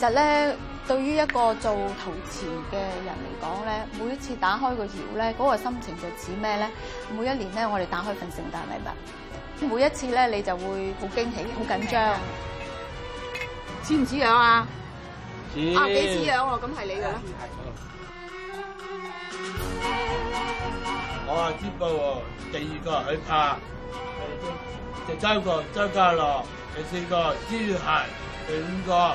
其實咧，對於一個做陶瓷嘅人嚟講咧，每一次打開個窑咧，嗰個心情就似咩咧？每一年咧，我哋打開份聖誕禮物，每一次咧，你就會好驚喜、好緊張。似唔似樣啊？似啊！幾似樣啊？咁係你嘅啦。我啊，知道喎。第二個佢拍。第三個周家樂，第四個朱凱，第五個。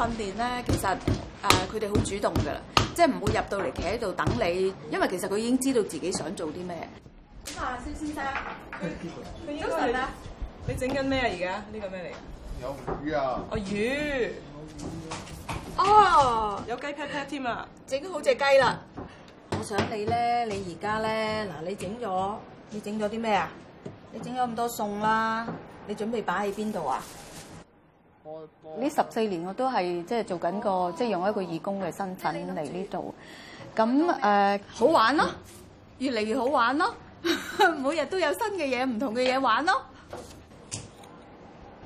訓練咧，其實誒佢哋好主動噶啦，即係唔會入到嚟企喺度等你，因為其實佢已經知道自己想做啲咩。咁啊，蕭先生，佢應該係啦。你整緊咩啊？而家呢個咩嚟？有魚啊！哦，魚。有魚啊、哦，有雞 pat pat 添啊！整好隻雞啦。我想你咧，你而家咧嗱，你整咗你整咗啲咩啊？你整咗咁多餸啦，你準備擺喺邊度啊？呢十四年我都係即係做緊個即係、就是、用一個義工嘅身份嚟呢度。咁、誒、呃、好玩咯、啊，越嚟越好玩咯、啊，每日都有新嘅嘢，唔同嘅嘢玩咯、啊。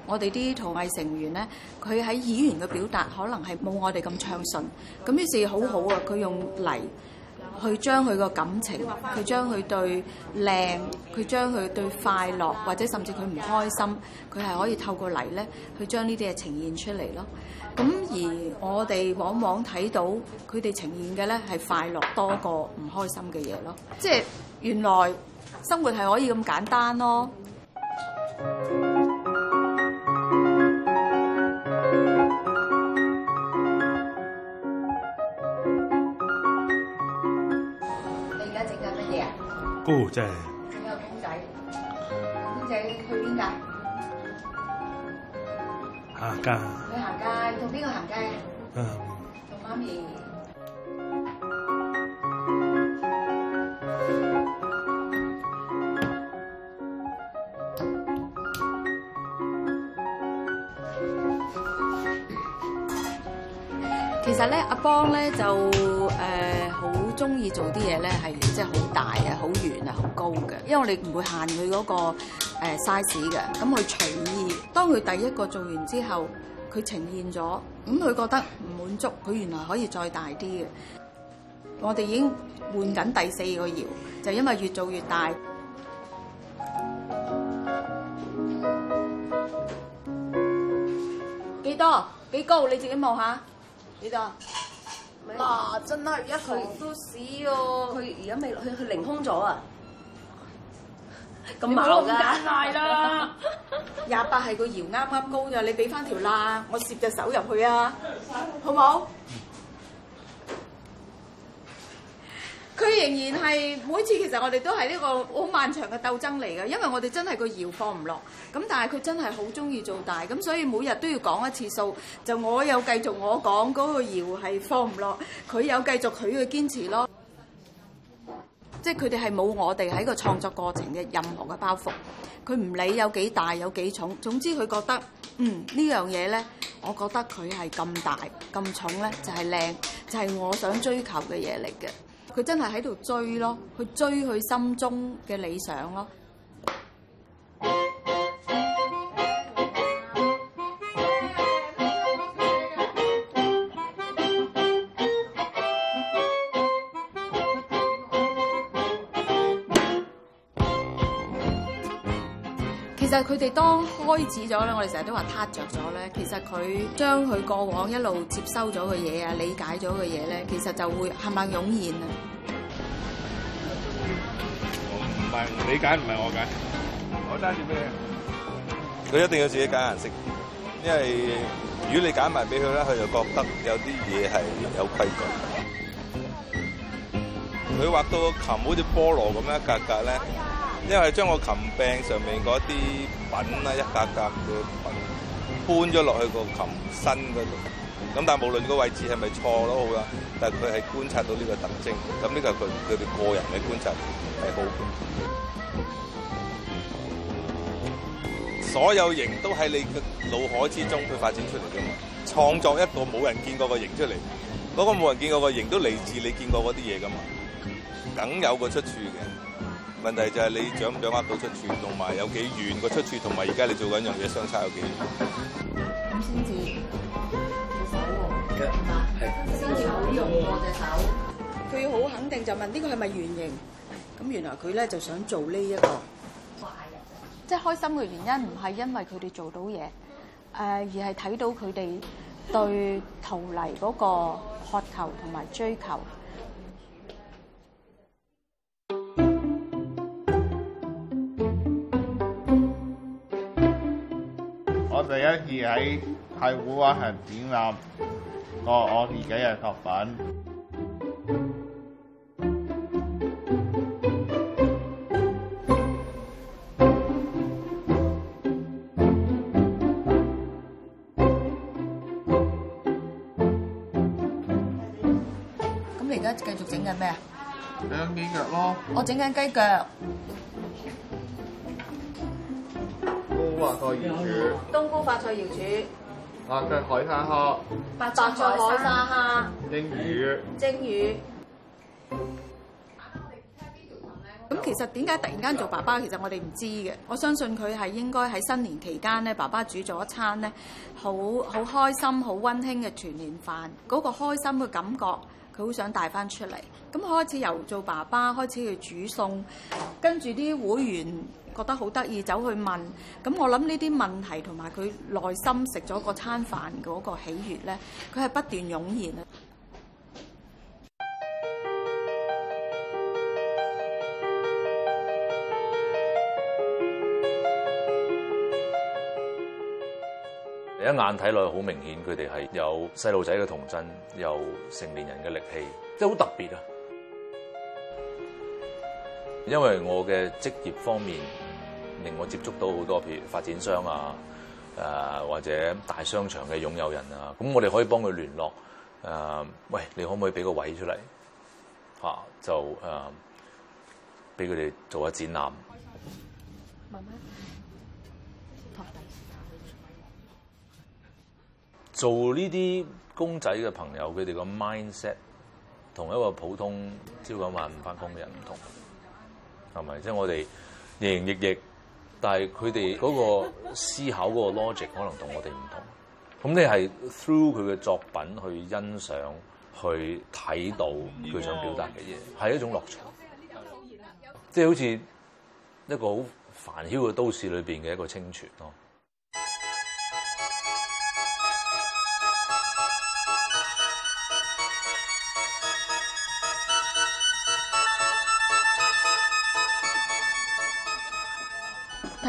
我哋啲陶藝成員咧，佢喺語言嘅表達可能係冇我哋咁暢順，咁於是好好啊，佢用泥。去將佢個感情，佢將佢對靚，佢將佢對快樂，或者甚至佢唔開心，佢係可以透過泥咧去將呢啲嘢呈現出嚟咯。咁而我哋往往睇到佢哋呈現嘅咧係快樂多過唔開心嘅嘢咯。即係原來生活係可以咁簡單咯。高真係。邊個公仔？公仔去邊㗎？行街。去行街，同邊個行街啊？同媽咪。其實咧，阿邦咧就誒。中意做啲嘢咧，係即係好大啊、好圓啊、好高嘅，因為我哋唔會限佢嗰個誒 size 嘅。咁佢隨意，當佢第一個做完之後，佢呈現咗，咁佢覺得唔滿足，佢原來可以再大啲嘅。我哋已經換緊第四個搖，就因為越做越大，幾多幾高你自己望下，幾多？嗱、啊，真而家佢都屎哦、啊！佢而家未，去，佢凌空咗啊！咁好，馬騮啦。廿八係個窯啱啱高咋，你俾翻條罅，我攝隻手入去啊，好唔好？仍然係每次，其實我哋都係呢個好漫長嘅鬥爭嚟嘅，因為我哋真係個窯放唔落咁，但係佢真係好中意做大咁，所以每日都要講一次數。就我有繼續我講嗰、嗰個窯係放唔落，佢有繼續佢嘅堅持咯。即係佢哋係冇我哋喺個創作過程嘅任何嘅包袱，佢唔理有幾大有幾重，總之佢覺得嗯呢樣嘢呢，我覺得佢係咁大咁重呢，就係、係、靚，就係、係、我想追求嘅嘢嚟嘅。佢真係喺度追咯，去追佢心中嘅理想咯。佢哋當開始咗咧，我哋成日都話撻着咗咧。其實佢將佢過往一路接收咗嘅嘢啊，理解咗嘅嘢咧，其實就會慢慢湧現啊。唔唔係理解唔係我解，我揸住咩？佢一定要自己揀顏色，因為如果你揀埋俾佢咧，佢就覺得有啲嘢係有規矩。佢畫到琴好似菠蘿咁樣格格咧。因為將個琴柄上面嗰啲品啊，一格格嘅品搬咗落去個琴身嗰度。咁但係無論個位置係咪錯都好啦，但係佢係觀察到呢個特徵。咁呢個佢佢哋個人嘅觀察係好嘅。所有型都喺你嘅腦海之中去發展出嚟㗎嘛。創作一個冇人見過嘅型出嚟，嗰個冇人見過嘅型都嚟自你見過嗰啲嘢㗎嘛，梗有個出處嘅。問題就係你掌唔掌握到出處，同埋有幾遠個出處，同埋而家你做緊樣嘢相差有幾遠，咁先至手腳。一、係，先至好用我隻手。佢好肯定就問呢個係咪圓形？咁原來佢咧就想做呢、這、一個。壞嘅哇，即係開心嘅原因唔係因為佢哋做到嘢，誒、呃、而係睇到佢哋對陶泥嗰個渴求同埋追求。第一次喺太古灣行展覽，我我自己又出粉。咁你而家繼續整緊咩啊？整雞腳咯。我整緊雞腳。我白菜，白菜瑤柱，冬菇發菜瑤柱，啊，跟海蝦，白白菜海蝦，蒸魚，蒸魚。咁、嗯、其實點解突然間做爸爸？其實我哋唔知嘅。我相信佢係應該喺新年期間咧，爸爸煮咗一餐咧，好好開心、好温馨嘅團年飯。嗰、嗰個開心嘅感覺，佢好想帶翻出嚟。咁開始由做爸爸開始去煮餸，跟住啲會員。覺得好得意，走去問。咁我諗呢啲問題同埋佢內心食咗個餐飯嗰個喜悅咧，佢係不斷湧現啊！你一眼睇落去好明顯，佢哋係有細路仔嘅童真，有成年人嘅力氣，真係好特別啊！因為我嘅職業方面令我接觸到好多譬如發展商啊，呃、或者大商場嘅擁有人啊，咁我哋可以幫佢聯絡、呃，喂，你可唔可以俾個位出嚟？吓、啊，就畀俾佢哋做下展覽。慢慢做呢啲公仔嘅朋友，佢哋個 mindset 同一個普通朝九晚五翻工嘅人唔同。係咪？即係我哋營營役役，但係佢哋嗰個思考嗰個 logic 可能同我哋唔同。咁你係 through 佢嘅作品去欣賞去睇到佢想表達嘅嘢，係一種樂趣。即係好似一個好煩囂嘅都市裏邊嘅一個清泉咯。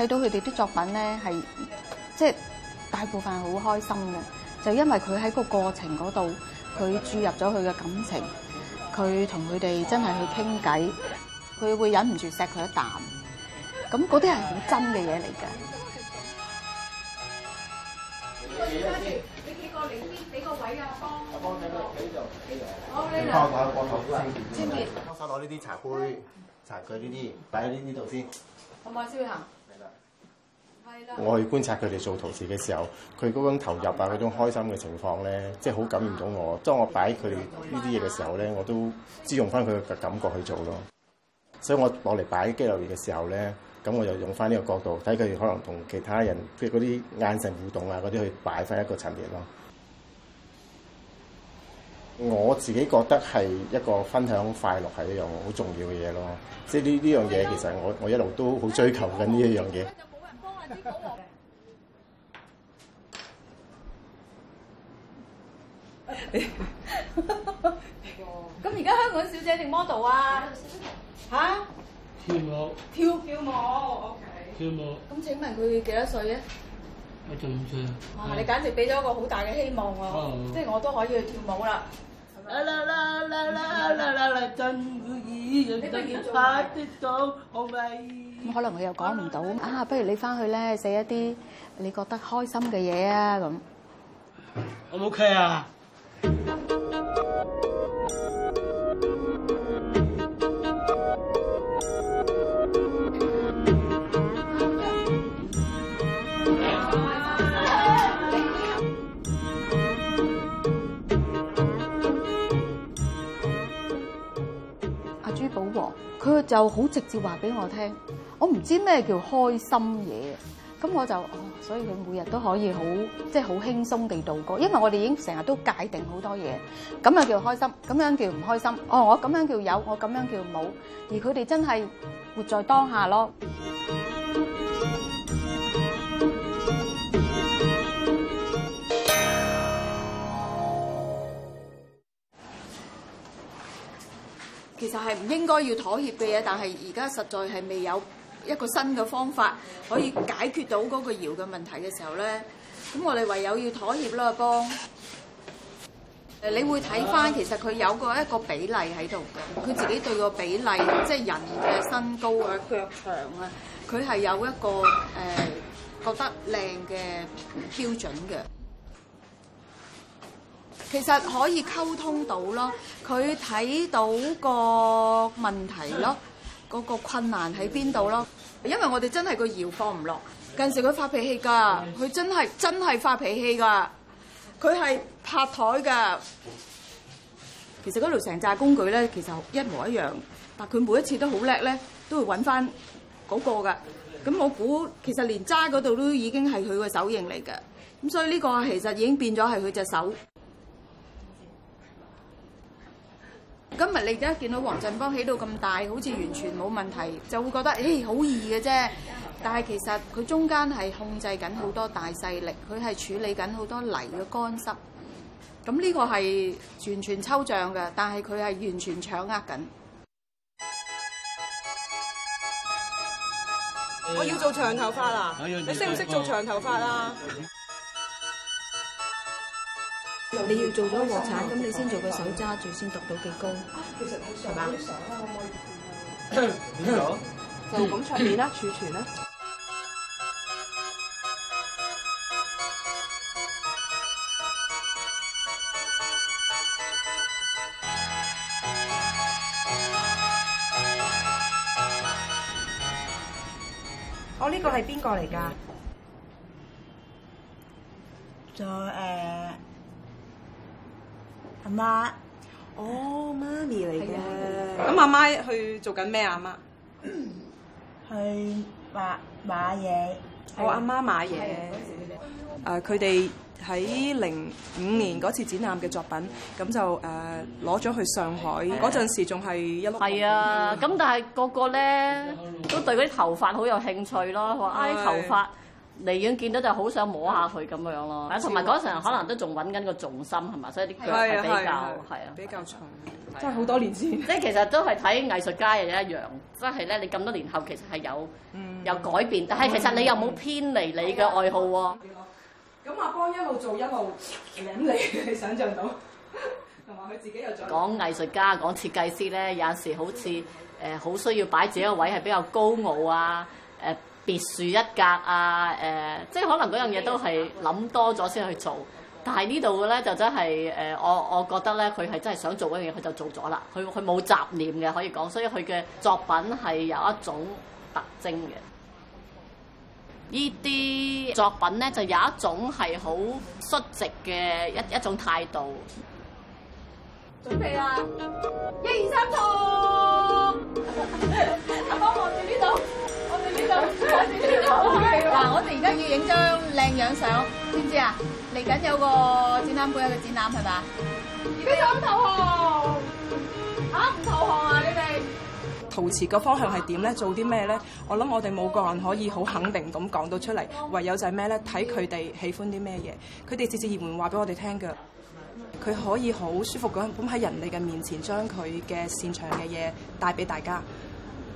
睇到佢哋啲作品咧，係即係大部分好開心嘅，就因為佢喺個過程嗰度，佢注入咗佢嘅感情，佢同佢哋真係去傾偈，佢會忍唔住錫佢一啖，咁嗰啲係好真嘅嘢嚟嘅。你幾個嚟啲？俾個位啊，阿芳。阿芳，睇下邊度？邊度？邊度？你幫我睇下，幫我攞嚟。前面，幫我手攞呢啲茶杯、茶具呢啲，擺喺呢啲度先。好唔好先去行？我去觀察佢哋做陶瓷嘅時候，佢嗰種投入啊，嗰種開心嘅情況咧，即係好感染到我。當我擺佢哋呢啲嘢嘅時候咧，我都只用翻佢嘅感覺去做咯。所以我落嚟擺雞留魚嘅時候咧，咁我就用翻呢個角度，睇佢哋可能同其他人譬如嗰啲眼神互動啊，嗰啲去擺翻一個陳列咯。我自己覺得係一個分享快樂係一樣好重要嘅嘢咯。即係呢呢樣嘢其實我我一路都好追求緊呢一樣嘢。咁而家香港小姐定 model 啊？嚇！跳舞，跳跳舞，OK。跳舞。咁請問佢幾多歲啊？佢十五歲。哇！你簡直俾咗一個好大嘅希望喎，即係我都可以去跳舞啦。啦啦啦啦啦啦啦啦！真如意，有得花，得酒，oh my。咁可能佢又講唔到啊！不如你翻去咧寫一啲你覺得開心嘅嘢啊咁。我 OK 啊！阿朱寶華，佢就好直接話俾我聽。我唔知咩叫開心嘢，咁我就，哦，所以佢每日都可以好，即係好輕鬆地度過，因為我哋已經成日都界定好多嘢，咁啊叫開心，咁樣叫唔開心，哦，我咁樣叫有，我咁樣叫冇，而佢哋真係活在當下咯。其實係唔應該要妥協嘅嘢，但係而家實在係未有。一個新嘅方法可以解決到嗰個搖嘅問題嘅時候咧，咁我哋唯有要妥協啦，阿邦。誒，你會睇返其實佢有個一個比例喺度嘅，佢自己對個比例，即係人嘅身高啊、腳長啊，佢係有一個誒覺得靚嘅標準嘅。其實可以溝通到咯，佢睇到個問題咯。嗰個困難喺邊度咯？因為我哋真係個搖放唔落，近時佢發脾氣㗎，佢真係真係發脾氣㗎，佢係拍台㗎。其實嗰度成扎工具咧，其實一模一樣，但佢每一次都好叻咧，都會揾翻嗰個㗎。咁我估其實連揸嗰度都已經係佢個手型嚟㗎，咁所以呢個其實已經變咗係佢隻手。今日你而家見到黃振邦起到咁大，好似完全冇問題，就會覺得誒，好易嘅啫。但係其實佢中間係控制緊好多大勢力，佢係處理緊好多泥嘅乾濕。咁呢個係完全抽象嘅，但係佢係完全掌握緊。我要做長頭髮啦，你識唔識做長頭髮啊？你要做咗鑊鏟，咁你先做個手揸住先，讀到幾高，係嘛？就咁出面啦，儲存啦。我呢個係邊個嚟㗎？就誒。阿媽，哦，媽咪嚟嘅。咁阿媽去做緊咩啊？阿媽，去買買嘢。我阿媽買嘢。誒，佢哋喺零五年嗰次展覽嘅作品，咁就誒攞咗去上海嗰陣時，港港，仲係一碌。係啊，咁但係個個咧都對嗰啲頭髮好有興趣咯，話愛頭髮。離遠見到就好想摸下佢咁樣咯，同埋嗰陣可能都仲揾緊個重心係嘛，所以啲腳係比較係啊，比較長，即係好多年前。即係其實都係睇藝術家又一樣，即係咧，你咁多年後其實係有有改變，但係其實你又冇偏離你嘅愛好喎。咁阿邦一路做一路舐你，你想像到同埋佢自己又做。講藝術家講設計師咧，有陣時好似誒好需要擺自己個位係比較高傲啊誒。別樹一格啊！誒、呃，即係可能嗰樣嘢都係諗多咗先去做。但係呢度嘅咧就真係我、呃、我覺得咧佢係真係想做嗰樣嘢，佢就做咗啦。佢佢冇雜念嘅可以講，所以佢嘅作品係有一種特徵嘅。呢啲作品咧就有一種係好率直嘅一一種態度。準備啦、啊！一二三，錯！ 阿媽望住呢度。要影張靚樣相，知唔知啊？嚟緊有個展覽會，有個展覽係嘛？而家你哋想投降，吓唔、啊、投降啊？你哋陶瓷個方向係點咧？做啲咩咧？我諗我哋冇個人可以好肯定咁講到出嚟，唯有就係咩咧？睇佢哋喜歡啲咩嘢，佢哋自自然然話俾我哋聽噶。佢可以好舒服咁，咁喺人哋嘅面前將佢嘅擅長嘅嘢帶俾大家。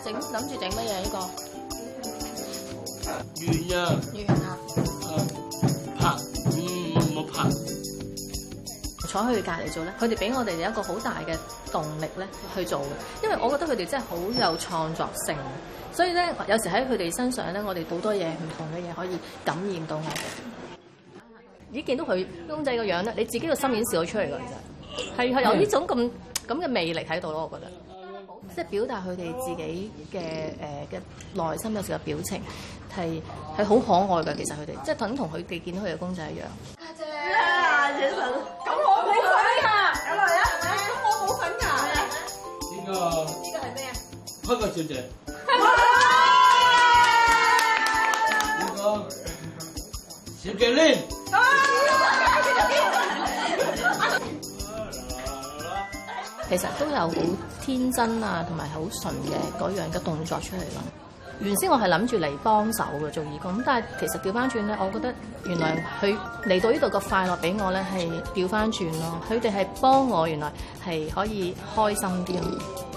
整諗住整乜嘢呢個？完呀！完啊！拍唔冇拍？嗯、拍坐喺佢隔離做咧，佢哋俾我哋哋一個好大嘅動力咧去做嘅，因為我覺得佢哋真係好有創作性，所以咧有時喺佢哋身上咧，我哋好多嘢唔同嘅嘢可以感染到我哋。咦、嗯？見到佢公仔個樣咧，你自己個心已經笑出嚟㗎，其實係係有呢種咁咁嘅魅力喺度咯，我覺得。即係表達佢哋自己嘅誒嘅內心有時嘅表情係係好可愛㗎，其實佢哋即係等同佢哋見到佢嘅公仔一樣。阿姐，阿姐粉，咁我冇佢噶，有耐啊，咁我冇份噶，點啊？呢個係咩啊？開個小姐，哇！呢個小強呢？其實都有好，天真啊，同埋好純嘅嗰樣嘅動作出嚟咯。原先我係諗住嚟幫手嘅做義工，咁但係其實調翻轉咧，我覺得原來佢嚟到呢度嘅快樂俾我咧係調翻轉咯。佢哋係幫我，原來係可以開心啲。嗯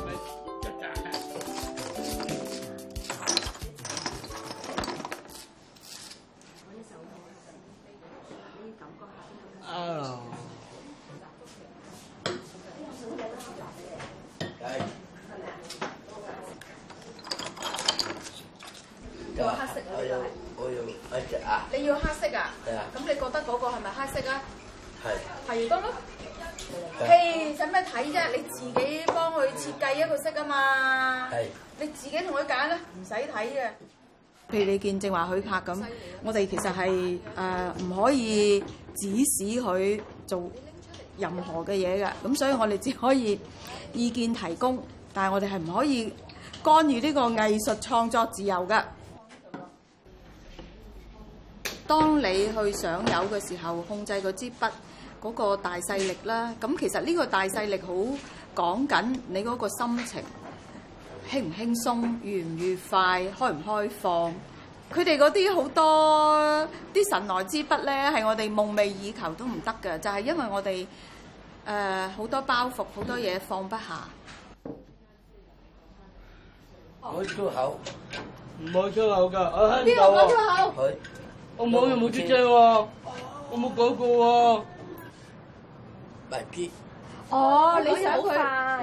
我揀啦，唔使睇嘅。譬如你見正話許柏咁，樣我哋其實係誒唔可以指使佢做任何嘅嘢㗎。咁所以我哋只可以意見提供，但係我哋係唔可以干預呢個藝術創作自由㗎。當你去上油嘅時候，控制嗰支筆嗰個大細力啦。咁其實呢個大細力好講緊你嗰個心情。輕唔輕鬆，愉唔愉快，開唔開放，佢哋嗰啲好多啲神來之筆咧，係我哋夢寐以求都唔得㗎，就係、是、因為我哋誒好多包袱，好多嘢放不下。冇、嗯哦、出口，唔冇出口㗎。呢個冇出口。我冇又冇出聲喎，我冇講過喎。唔係哦，你想佢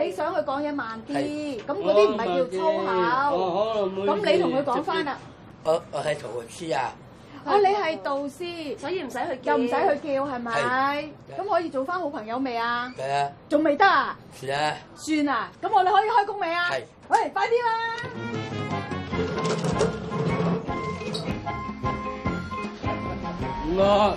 你想佢講嘢慢啲，咁嗰啲唔係叫粗口。咁你同佢講翻啦。我我係導師啊。哦你係導師，所以唔使去叫，又唔使去叫，係咪？咁可以做翻好朋友未啊？係啊，仲未得啊？算啦。算啊，咁我哋可以開工未啊？係，喂，快啲啦！啦。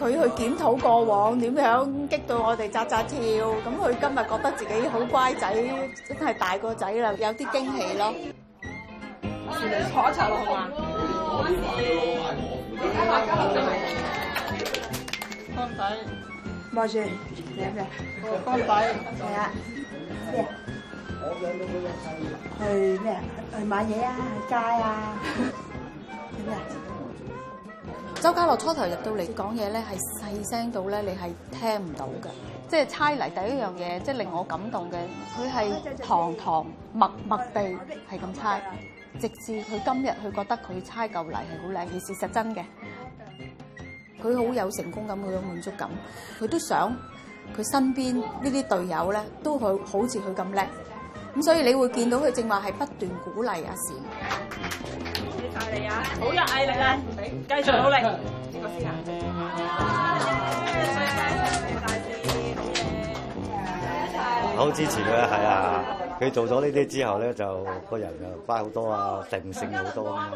佢去檢討過往點樣激到我哋扎扎跳，咁佢今日覺得自己好乖仔，真係大個仔啦，有啲驚喜咯。坐一齊落啊！光仔，莫少，咩咩？光仔，係啊，咩啊？去咩啊？去買嘢啊，去街啊，咩啊？周家樂初頭入到嚟講嘢咧，係細聲到咧，你係聽唔到嘅。即係猜泥第一樣嘢，即係令我感動嘅，佢係堂堂默默地係咁猜，直至佢今日佢覺得佢猜嚿泥係好靚，其實真嘅，佢好有成功感，好有滿足感，佢都想佢身邊呢啲隊友咧，都會好似佢咁叻。咁所以你會見到佢正話係不斷鼓勵阿善。係啊！好有毅力啊！唔俾，繼續努力。呢個先啊！好支持佢，係啊！佢做咗呢啲之後咧，就個人就乖好多啊，定性好多。啊！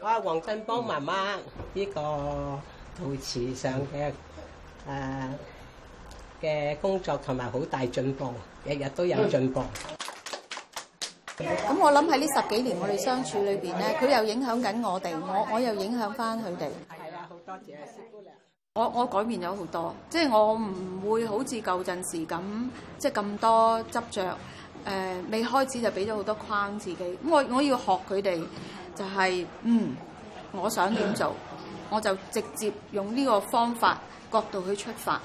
我阿黃振邦媽媽，呢個陶瓷上嘅誒嘅工作同埋好大進步，日日都有進步。 咁我諗喺呢十幾年我哋相處裏邊咧，佢又影響緊我哋，我我又影響翻佢哋。係啊，好多謝姑娘。我我改變咗好多，即係我唔會好似舊陣時咁，即係咁多執着。誒、呃，未開始就俾咗好多框自己。咁我我要學佢哋，就係、是、嗯，我想點做，我就直接用呢個方法角度去出發。